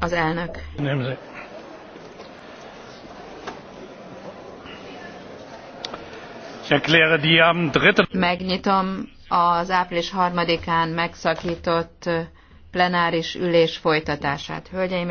Az elnök. Nemzet. Megnyitom az április harmadikán megszakított plenáris ülés folytatását. Hölgyeim